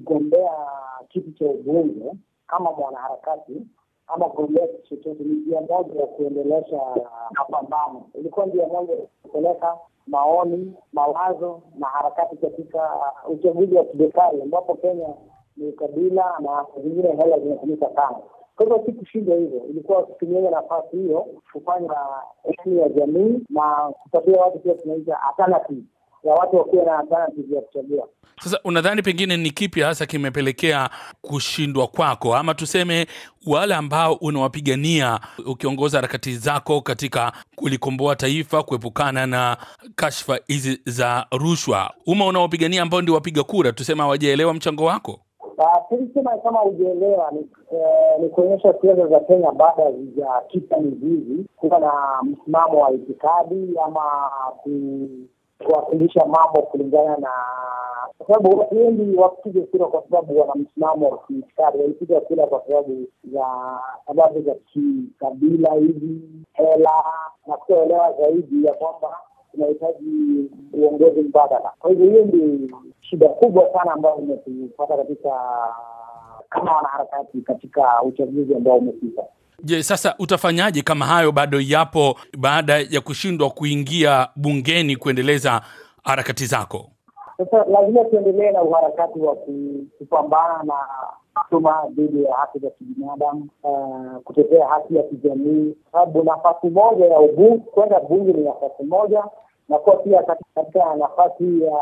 kugombea kitu cha ubunge kama mwanaharakati ama kugombea kitu chochote ni njia moja ya kuendelesha mapambano. Ilikuwa njia moja ya kupeleka maoni, mawazo na harakati katika uchaguzi wa kibepari, ambapo Kenya ni ukabila na zingine hela zinatumika sana. Kwa hivyo si kushinda hivyo, ilikuwa kutumia nafasi hiyo kufanya elimu ya jamii na kupatia watu pia tunaita alternative ya watu wakiwa na alternative ya kuchagua. Sasa unadhani pengine ni kipi hasa kimepelekea kushindwa kwako, ama tuseme wale ambao unawapigania ukiongoza harakati zako katika kulikomboa taifa kuepukana na kashfa hizi za rushwa, uma unaopigania ambao ndio wapiga kura, tuseme hawajaelewa mchango wako? Ah, tulisema kama hujaelewa eh, ni kuonyesha siasa za Kenya baada ya mizizi, kuwa na msimamo wa itikadi ama kuwakilisha mambo kulingana na kwa sababu watu wengi wakupiga kura kwa sababu wana msimamo wa kiitikadi. Walipiga kura kwa sababu za sababu za kikabila hivi, hela na kutoelewa zaidi ya kwamba tunahitaji uongozi mbadala. Kwa hivyo hiyo ndi shida kubwa sana ambayo imetupata katika kama wanaharakati katika uchaguzi ambao umepita. Je, sasa utafanyaje kama hayo bado yapo baada ya kushindwa kuingia bungeni kuendeleza harakati zako? Sasa lazima tuendelee na uharakati wa kupambana na tuma dhidi ya haki za kibinadamu, eh, kutetea haki ya kijamii, sababu nafasi moja ya ubunge kwenda bunge ni nafasi moja na kuwa pia katika nafasi ya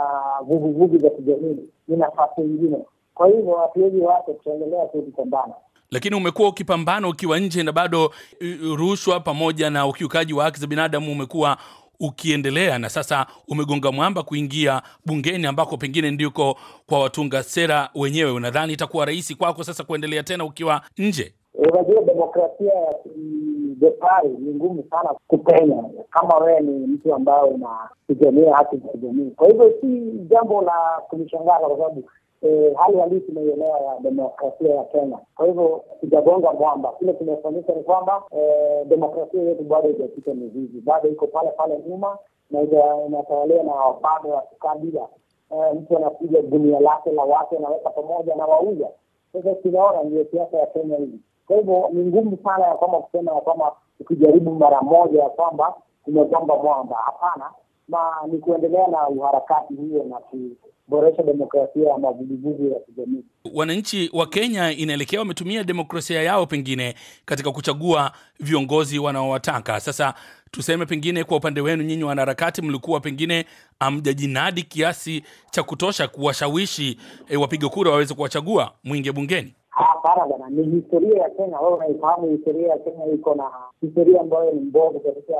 vuguvugu za kijamii ni nafasi nyingine. Kwa hivyo hatuwezi wake tutaendelea tu kupambana lakini umekuwa ukipambana ukiwa nje na bado eh, rushwa pamoja na ukiukaji wa haki za binadamu umekuwa ukiendelea na sasa umegonga mwamba kuingia bungeni ambako pengine ndiko kwa watunga sera wenyewe, unadhani itakuwa rahisi kwako sasa kuendelea tena ukiwa nje? Unajua, demokrasia ya kidepari ni ngumu sana kupenya kama wewe ni mtu ambaye unapigania haki za kijamii. Kwa hivyo si jambo la kunishangaza, kwa sababu e, hali halisi tunaielewa ya demokrasia ya Kenya. Kwa hivyo sijagonga mwamba, kile kimefanyika ni kwamba e, demokrasia yetu bado ijapita mizizi, bado iko pale pale nyuma na inatawaliwa na bado wa kikabila. E, mtu anapiga gunia lake la watu anaweka pamoja na wauza. Sasa tunaona ndio siasa ya Kenya hivi. Kwa hivyo ni ngumu sana ya kwamba kusema ya kwamba ukijaribu mara moja ya kwamba tumegonga mwamba, hapana na ni kuendelea na uharakati huo na kuboresha demokrasia ya mavuguvugu ya kijamii. Wananchi wa Kenya inaelekea wametumia demokrasia yao pengine katika kuchagua viongozi wanaowataka. Sasa tuseme pengine kwa upande wenu nyinyi wanaharakati, mlikuwa pengine amjajinadi kiasi cha kutosha kuwashawishi e, wapiga kura waweze kuwachagua mwingie bungeni? Hapana bwana, ni historia ya Kenya. Wewe unaifahamu historia ya Kenya, iko na historia ambayo ni mbovu katika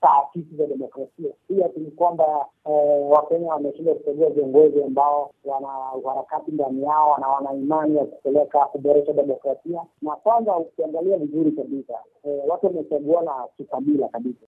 taasisi za demokrasia. Pia ni kwamba eh, Wakenya wameshindwa kuchagua viongozi ambao wana uharakati ndani yao na wana imani ya kupeleka kuboresha demokrasia. Na kwanza ukiangalia vizuri kabisa, eh, watu wamechagua na kikabila kabisa.